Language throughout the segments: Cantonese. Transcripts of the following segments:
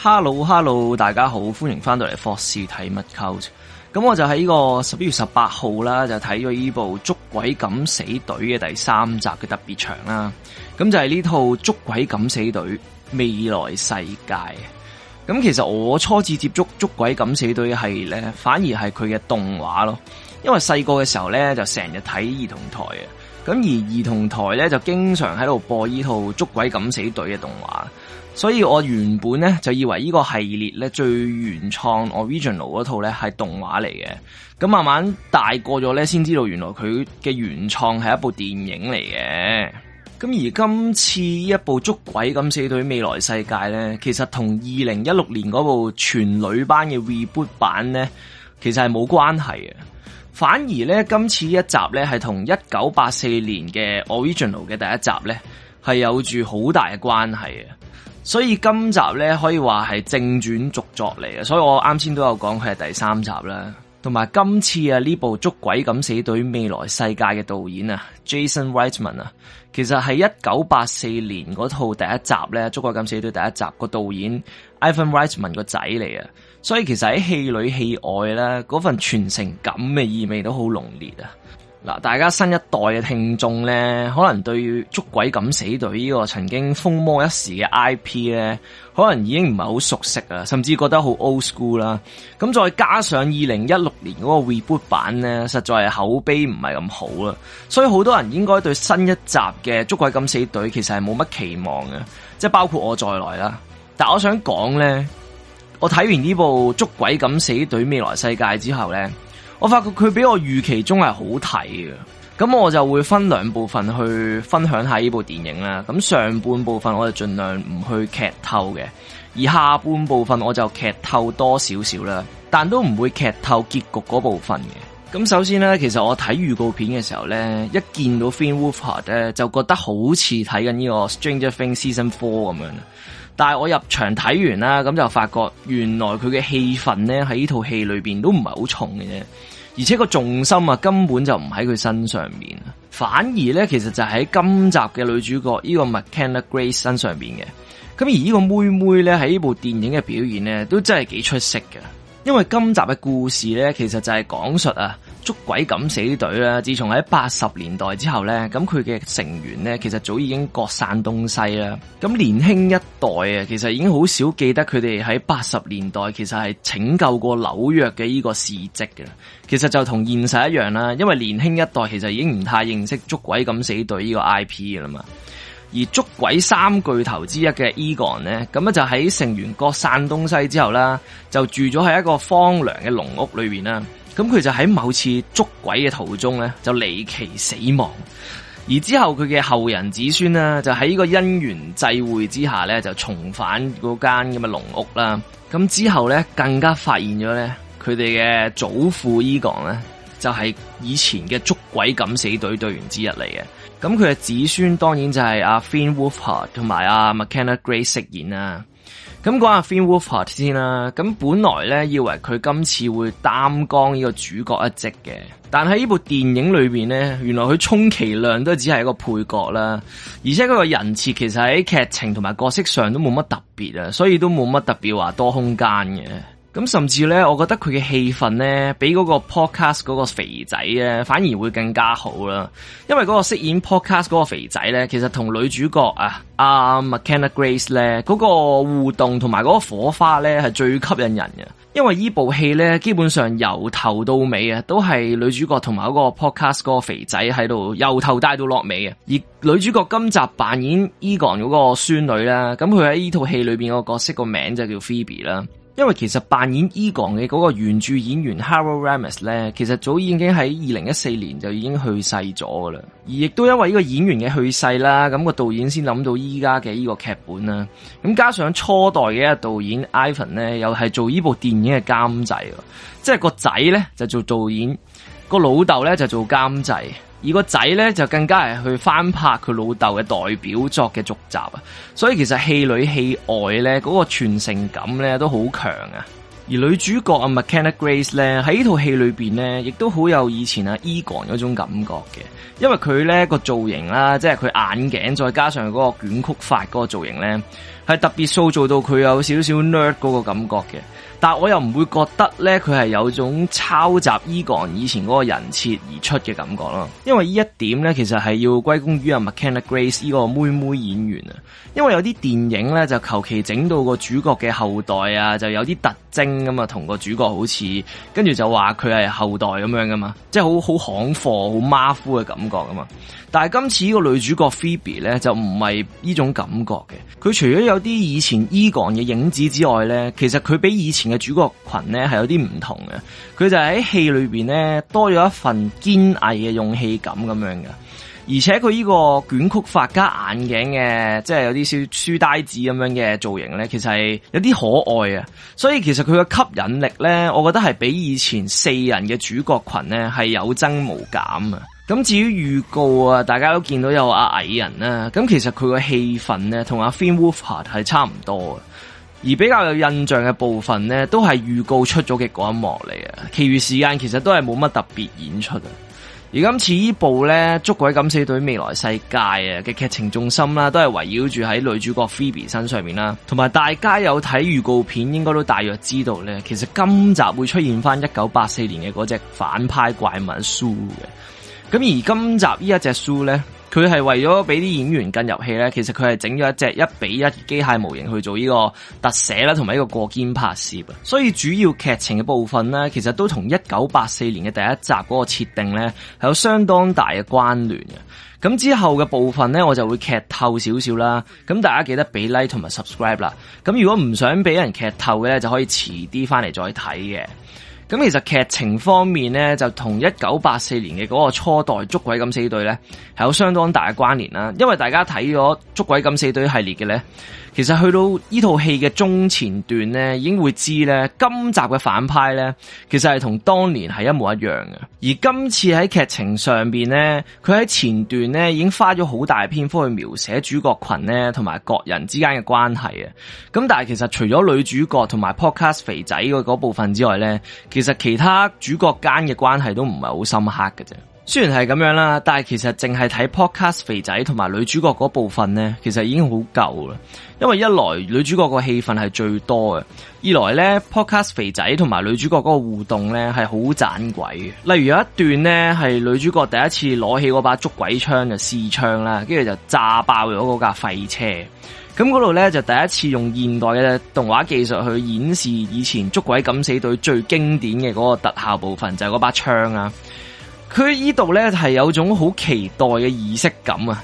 哈嘍哈嘍，Hello, Hello，大家好，歡迎翻到嚟《霍士睇乜 Cult》。咁我就喺呢個十一月十八號啦，就睇咗呢部《捉鬼敢死隊》嘅第三集嘅特別場啦。咁就係呢套《捉鬼敢死隊》魅來世界。咁其實我初次接觸《捉鬼敢死隊》係咧，反而係佢嘅動畫咯，因為細個嘅時候咧就成日睇兒童台啊。咁而兒童台咧就經常喺度播依套捉鬼敢死隊嘅動畫，所以我原本咧就以為呢個系列咧最原創，original 嗰套咧係動畫嚟嘅。咁慢慢大過咗咧，先知道原來佢嘅原創係一部電影嚟嘅。咁而今次一部捉鬼敢死隊魅來世界咧，其實同二零一六年嗰部全女班嘅 reboot 版咧，其實係冇關係嘅。反而咧，今次一集咧係同一九八四年嘅 original 嘅第一集咧，係有住好大嘅關係啊！所以今集咧可以話係正傳續作嚟嘅，所以我啱先都有講佢係第三集啦。同埋今次啊，呢部《捉鬼敢死隊》未來世界嘅導演啊，Jason Reitman 啊，其實係一九八四年嗰套第一集咧《捉鬼敢死隊》第一集個導演。Ivan Reitman 個仔嚟啊，所以其實喺戲裏戲外咧，嗰份傳承感嘅意味都好濃烈啊！嗱，大家新一代嘅聽眾咧，可能對《捉鬼敢死隊》呢個曾經風魔一時嘅 IP 咧，可能已經唔係好熟悉啊，甚至覺得好 old school 啦。咁再加上二零一六年嗰個 reboot 版咧，實在係口碑唔係咁好啦，所以好多人應該對新一集嘅《捉鬼敢死隊》其實係冇乜期望嘅，即係包括我在內啦。但我想講咧，我睇完呢部《捉鬼敢死隊：未來世界》之後咧，我發覺佢比我預期中係好睇嘅。咁我就會分兩部分去分享下呢部電影啦。咁上半部分我就盡量唔去劇透嘅，而下半部分我就劇透多少少啦，但都唔會劇透結局嗰部分嘅。咁首先咧，其實我睇預告片嘅時候咧，一見到《Finn Wolfhard》咧，就覺得好似睇緊呢個《Stranger Things》Season Four 咁樣。但係我入場睇完啦，咁就發覺原來佢嘅戲份咧，喺呢套戲裏邊都唔係好重嘅啫，而且個重心啊根本就唔喺佢身上面，反而咧，其實就喺今集嘅女主角呢個 McKenna Grace 身上邊嘅。咁而呢個妹妹咧，喺呢部電影嘅表現咧，都真係幾出色嘅，因為今集嘅故事咧，其實就係講述啊。捉鬼敢死隊啦，自從喺八十年代之後呢，咁佢嘅成員呢，其實早已經各散東西啦。咁年輕一代啊，其實已經好少記得佢哋喺八十年代其實係拯救過紐約嘅呢個事跡嘅。其實就同現實一樣啦，因為年輕一代其實已經唔太認識捉鬼敢死隊呢個 IP 嘅啦嘛。而捉鬼三巨頭之一嘅 Egon 咧，咁啊就喺成員各散東西之後啦，就住咗喺一個荒涼嘅農屋裏邊啦。咁佢就喺某次捉鬼嘅途中咧，就離奇死亡。而之後佢嘅後人子孫呢，就喺呢個姻緣際會之下咧，就重返嗰間咁嘅農屋啦。咁之後咧，更加發現咗咧，佢哋嘅祖父 Egon 咧，就係、是、以前嘅捉鬼敢死隊隊員之一嚟嘅。咁佢嘅子孫當然就係阿、啊、Finn Wolfhard 同埋阿 McKenna Grace 飾演啦。咁講下 Finn Wolfhard 先啦，咁本來咧以為佢今次會擔綱呢個主角一職嘅，但喺呢部電影裏邊咧，原來佢充其量都只係一個配角啦，而且佢個人設其實喺劇情同埋角色上都冇乜特別啊，所以都冇乜特別話多空間嘅。咁甚至咧，我覺得佢嘅氣氛咧，比嗰個 podcast 嗰個肥仔咧，反而會更加好啦。因為嗰個飾演 podcast 嗰個肥仔咧，其實同女主角啊，阿、啊、McKenna Grace 咧，嗰、嗰個互動同埋嗰個火花咧，係最吸引人嘅。因為依部戲咧，基本上由頭到尾啊，都係女主角同埋嗰個 podcast 嗰個肥仔喺度，由頭帶到落尾嘅。而女主角今集扮演 Egon 嗰個孫女呢啦，咁佢喺依套戲裏邊個角色個名就叫 Phoebe 啦。因為其實扮演 Egon 嘅嗰個原著演員 Harold Ramis 咧，其實早已經喺二零一四年就已經去世咗噶啦，而亦都因為呢個演員嘅去世啦，咁個導演先諗到依家嘅呢個劇本啦，咁加上初代嘅一個導演 Ivan 呢，又係做呢部電影嘅監製，即係個仔呢，就做導演，個老豆呢，就做監製。而個仔咧就更加係去翻拍佢老豆嘅代表作嘅續集啊，所以其實戲裏戲外咧嗰個傳承感咧都好強啊。而女主角啊 McKenna Grace 咧喺呢套戲裏邊咧亦都好有以前啊 Egon 嗰種感覺嘅，因為佢咧個造型啦，即係佢眼鏡再加上嗰個捲曲髮嗰個造型咧，係特別塑造到佢有少少 nerd 嗰個感覺嘅。但我又唔會覺得咧，佢係有種抄襲 Egon 以前嗰個人設而出嘅感覺咯。因為呢一點咧，其實係要歸功於阿 McKenzie Grace 呢個妹妹演員啊。因為有啲電影咧，就求其整到個主角嘅後代啊，就有啲特徵㗎嘛。同個主角好似，跟住就話佢係後代咁樣噶嘛，即係好好行貨、好馬虎嘅感覺噶嘛。但係今次呢個女主角 Phoebe 咧，就唔係呢種感覺嘅。佢除咗有啲以前 Egon 嘅影子之外咧，其實佢比以前嘅主角群咧，係有啲唔同嘅，佢就喺戲裏邊咧多咗一份堅毅嘅勇氣感咁樣嘅，而且佢呢個捲曲髮加眼鏡嘅，即係有啲小書呆子咁樣嘅造型咧，其實係有啲可愛啊，所以其實佢嘅吸引力咧，我覺得係比以前四人嘅主角群咧係有增無減啊。咁至於預告啊，大家都見到有阿、啊、蟻人啦、啊，咁其實佢嘅戲份咧同阿 Finn Wolfhard 係差唔多而比較有印象嘅部分咧，都係預告出咗嘅嗰一幕嚟啊！其餘時間其實都係冇乜特別演出啊！而今次這部呢部咧《捉鬼敢死隊未來世界啊》啊嘅劇情重心啦、啊，都係圍繞住喺女主角 Phoebe 身上面、啊、啦，同埋大家有睇預告片，應該都大約知道呢，其實今集會出現翻一九八四年嘅嗰隻反派怪物樹嘅。咁而今集這一隻書呢一隻樹咧。佢係為咗俾啲演員更入戲咧，其實佢係整咗一隻一比一機械模型去做呢個特寫啦，同埋一個過肩拍攝。所以主要劇情嘅部分呢，其實都同一九八四年嘅第一集嗰個設定呢，係有相當大嘅關聯嘅。咁之後嘅部分呢，我就會劇透少少啦。咁大家記得俾 like 同埋 subscribe 啦。咁如果唔想俾人劇透嘅咧，就可以遲啲翻嚟再睇嘅。咁其實劇情方面咧，就同一九八四年嘅嗰個初代捉鬼敢死隊咧，係有相當大嘅關聯啦。因為大家睇咗捉鬼敢死隊系列嘅咧。其實去到呢套戲嘅中前段咧，已經會知咧今集嘅反派咧，其實係同當年係一模一樣嘅。而今次喺劇情上邊咧，佢喺前段咧已經花咗好大篇幅去描寫主角群咧同埋各人之間嘅關係啊。咁但係其實除咗女主角同埋 Podcast 肥仔嘅嗰部分之外咧，其實其他主角間嘅關係都唔係好深刻嘅啫。雖然係咁樣啦，但係其實淨係睇 podcast 肥仔同埋女主角嗰部分呢，其實已經好夠啦。因為一來女主角個戲份係最多嘅，二來呢 podcast 肥仔同埋女主角嗰個互動呢係好盞鬼嘅。例如有一段呢，係女主角第一次攞起嗰把捉鬼槍嘅試槍啦，跟住就炸爆咗嗰架廢車。咁嗰度呢，就第一次用現代嘅動畫技術去演示以前捉鬼敢死隊最經典嘅嗰個特效部分，就係嗰把槍啊。佢呢度咧係有一種好期待嘅儀式感啊！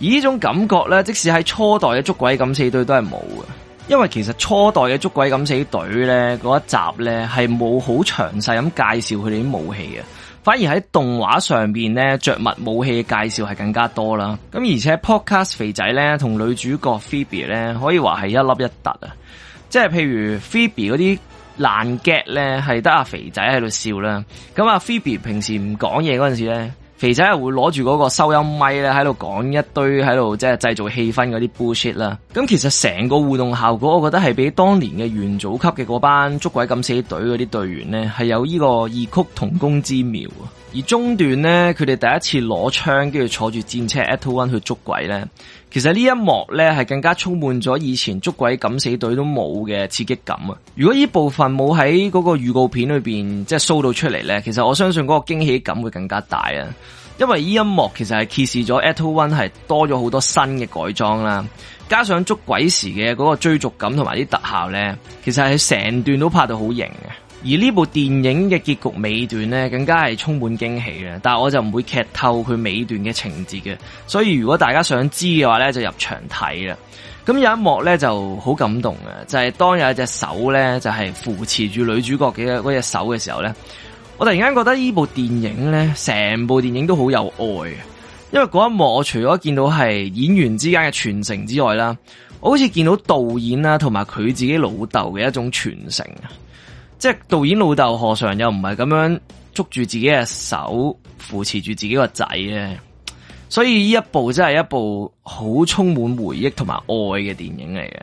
而呢種感覺咧，即使喺初代嘅捉鬼敢死隊都係冇嘅，因為其實初代嘅捉鬼敢死隊咧，嗰一集咧係冇好詳細咁介紹佢哋啲武器啊。反而喺動畫上邊咧着物武器嘅介紹係更加多啦。咁而且 Podcast 肥仔咧同女主角 Phoebe 咧可以話係一粒一突啊！即係譬如 Phoebe 嗰啲。難 get 咧，係得阿肥仔喺度笑啦。咁阿 Phoebe 平時唔講嘢嗰陣時咧，肥仔又會會攞住嗰個收音咪咧喺度講一堆喺度即係製造氣氛嗰啲 bullshit 啦。咁其實成個互動效果，我覺得係比當年嘅元祖級嘅嗰班捉鬼敢死隊嗰啲隊員咧，係有呢個異曲同工之妙啊！而中段呢，佢哋第一次攞槍，跟住坐住戰車 Ecto-1 去捉鬼呢。其實呢一幕呢，係更加充滿咗以前捉鬼敢死隊都冇嘅刺激感啊！如果呢部分冇喺嗰個預告片裏邊即係 show 到出嚟呢，其實我相信嗰個驚喜感會更加大啊！因為呢一幕其實係揭示咗 Ecto-1 係多咗好多新嘅改裝啦，加上捉鬼時嘅嗰個追逐感同埋啲特效呢，其實係成段都拍到好型嘅。而呢部電影嘅結局尾段呢，更加係充滿驚喜嘅。但係我就唔會劇透佢尾段嘅情節嘅，所以如果大家想知嘅話呢，就入場睇啦。咁有一幕呢就好感動呀，就係當有一隻手呢，就係扶持住女主角嘅嗰隻手嘅時候呢，我突然間覺得呢部電影呢，成部電影都好有愛呀。因為嗰一幕，我除咗見到係演員之間嘅傳承之外啦，我好似見到導演啦，同埋佢自己老豆嘅一種傳承。即係導演老豆何嘗又唔係咁樣捉住自己嘅手，扶持住自己個仔呢？所以呢一部真係一部好充滿回憶同埋愛嘅電影嚟嘅。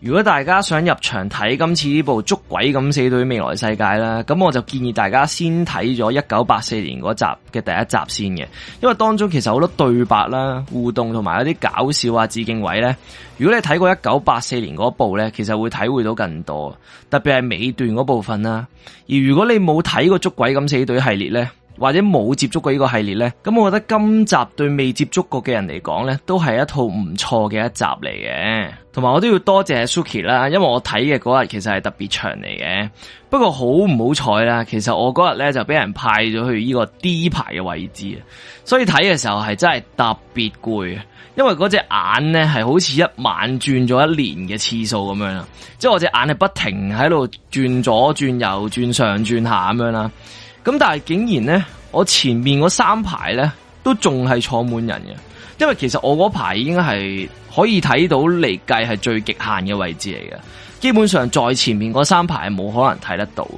如果大家想入場睇今次呢部《捉鬼敢死隊未來世界》啦，咁我就建議大家先睇咗一九八四年嗰集嘅第一集先嘅，因為當中其實好多對白啦、互動同埋一啲搞笑啊、致敬位呢。如果你睇過一九八四年嗰部呢，其實會體會到更多，特別係尾段嗰部分啦。而如果你冇睇過《捉鬼敢死隊》系列呢，或者冇接觸過呢個系列呢？咁我覺得今集對未接觸過嘅人嚟講呢，都係一套唔錯嘅一集嚟嘅。同埋我都要多謝 Suki 啦，因為我睇嘅嗰日其實係特別長嚟嘅，不過好唔好彩啦，其實我嗰日呢就俾人派咗去呢個 D 排嘅位置啊，所以睇嘅時候係真係特別攰啊，因為嗰隻眼呢係好似一晚轉咗一年嘅次數咁樣啦，即係、就是、我隻眼係不停喺度轉左轉右、轉上轉下咁樣啦。咁但係竟然咧，我前面嗰三排咧都仲係坐滿人嘅，因為其實我嗰排已經係可以睇到嚟計係最極限嘅位置嚟嘅，基本上在前面嗰三排係冇可能睇得到，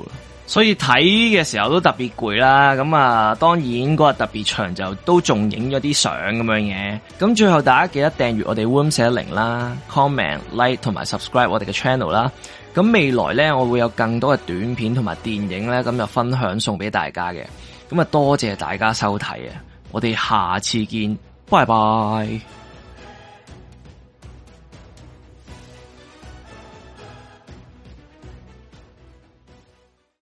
所以睇嘅時候都特別攰啦。咁啊，當然嗰日特別長，就都仲影咗啲相咁樣嘢。咁最後大家記得訂閱我哋 Woom 四一零啦，comment like 同埋 subscribe 我哋嘅 channel 啦。Comment, like, 咁未來咧，我會有更多嘅短片同埋電影咧，咁就分享送俾大家嘅。咁啊，多謝大家收睇啊！我哋下次見，拜拜。